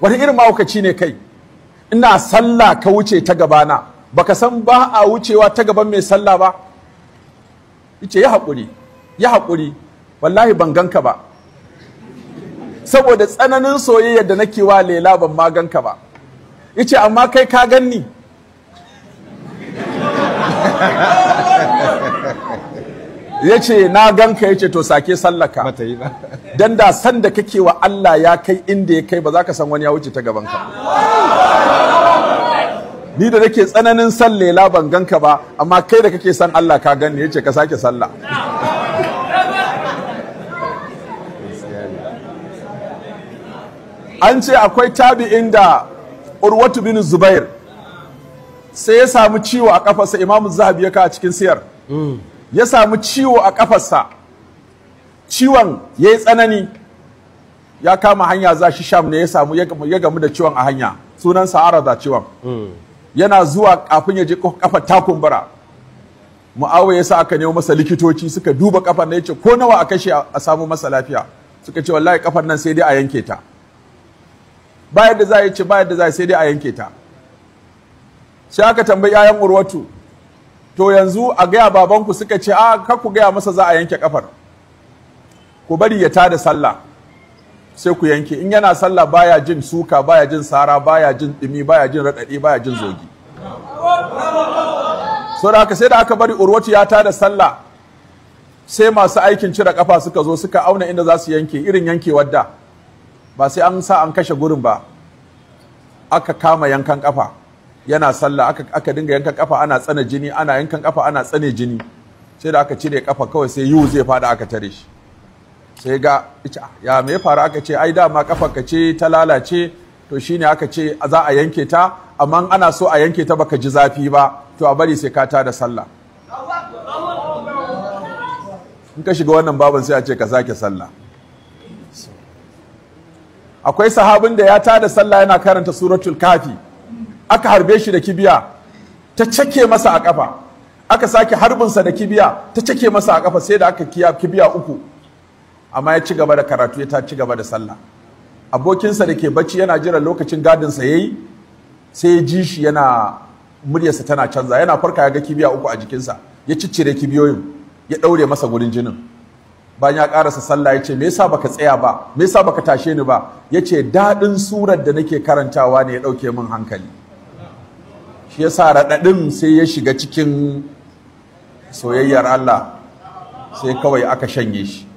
wani irin mahaukaci ne kai ina sallah ka wuce ta gabana baka san ba a wucewa ta gaban mai sallah ba yace ya haƙuri ya haƙuri wallahi ban ganka ba saboda tsananin soyayya da nake wa lela ban ma ganka ba yace amma kai ka ganni yace na ganka yace to sake sallaka dan da san da kake wa Allah ya kai inda ya kai ba za ka san wani ya wuce ta gaban ka ni da nake tsananin san lela ban ganka ba amma kai da kake san Allah ka gani yace ka sake sallah an ce akwai tabi'in da urwatu bin zubair sai ya samu ciwo a kafarsa imamu zahabi ya ka cikin siyar mm. ya samu ciwo a kafarsa ciwon ya yi tsanani ya kama hanya za shi sham ne ya samu ya gamu da ciwon a hanya sunan sa'ara za ciwon yana zuwa kafin ya je kafar takumbura mu'awai ya sa aka nemo masa likitoci suka duba kafar na yace ko nawa a kashe a samu masa lafiya suka ce wallahi kafar nan sai dai a yanke ta ba yadda za a ce ba yadda za a sai dai a yanke ta sai aka tambayi yayan urwatu to yanzu a gaya babanku suka ce a ah, kakku gaya masa za a yanke kafar ku bari ya tada sallah sai ku yanke in yana sallah baya jin suka baya jin sara baya jin dimi baya jin radadi baya jin zogi so da haka sai da aka bari urwatu ya tada sallah sai masu aikin cire kafa suka zo suka auna inda za su yanke irin yankewar da ba sai an sa an kashe gurin ba aka kama yankan kafa yana sallah aka, aka dinga yankan kafa ana tsana jini ana yankan kafa ana tsane jini sai da aka cire kafa kawai sai yiwu zai fada aka tare shi sai ga ya me faru aka ce ai dama ka ce ta lalace to shine aka ce za a yanke ta amma ana so a yanke ta baka ji zafi ba to a bari sai ka ta da sallah in ka shiga wannan baban sai a ce ka sake sallah akwai sahabin da ya ta da sallah yana karanta suratul kafi aka harbe shi da kibiya ta cake masa a kafa aka sake harbinsa da kibiya ta cake masa a kafa sai da aka kibiya uku amma ya ci gaba da karatu ya ta ci gaba da sallah abokinsa da ke bacci yana jiran lokacin gadinsa ya yi sai ya ji shi yana muryarsa tana canza yana farka ya ga kibiya uku a jikinsa ya ciccire kibiyoyin ya ɗaure masa gurin jinin bayan ya karasa sallah ya ce me yasa baka tsaya ba me yasa baka tashe ni ba ya ce daɗin surar da nake karantawa ne ya ɗauke min hankali shi yasa raɗaɗin sai ya shiga cikin soyayyar Allah sai kawai aka shanye shi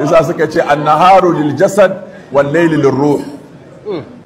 yasa suka ce annaharu lil jasad wal layli ruh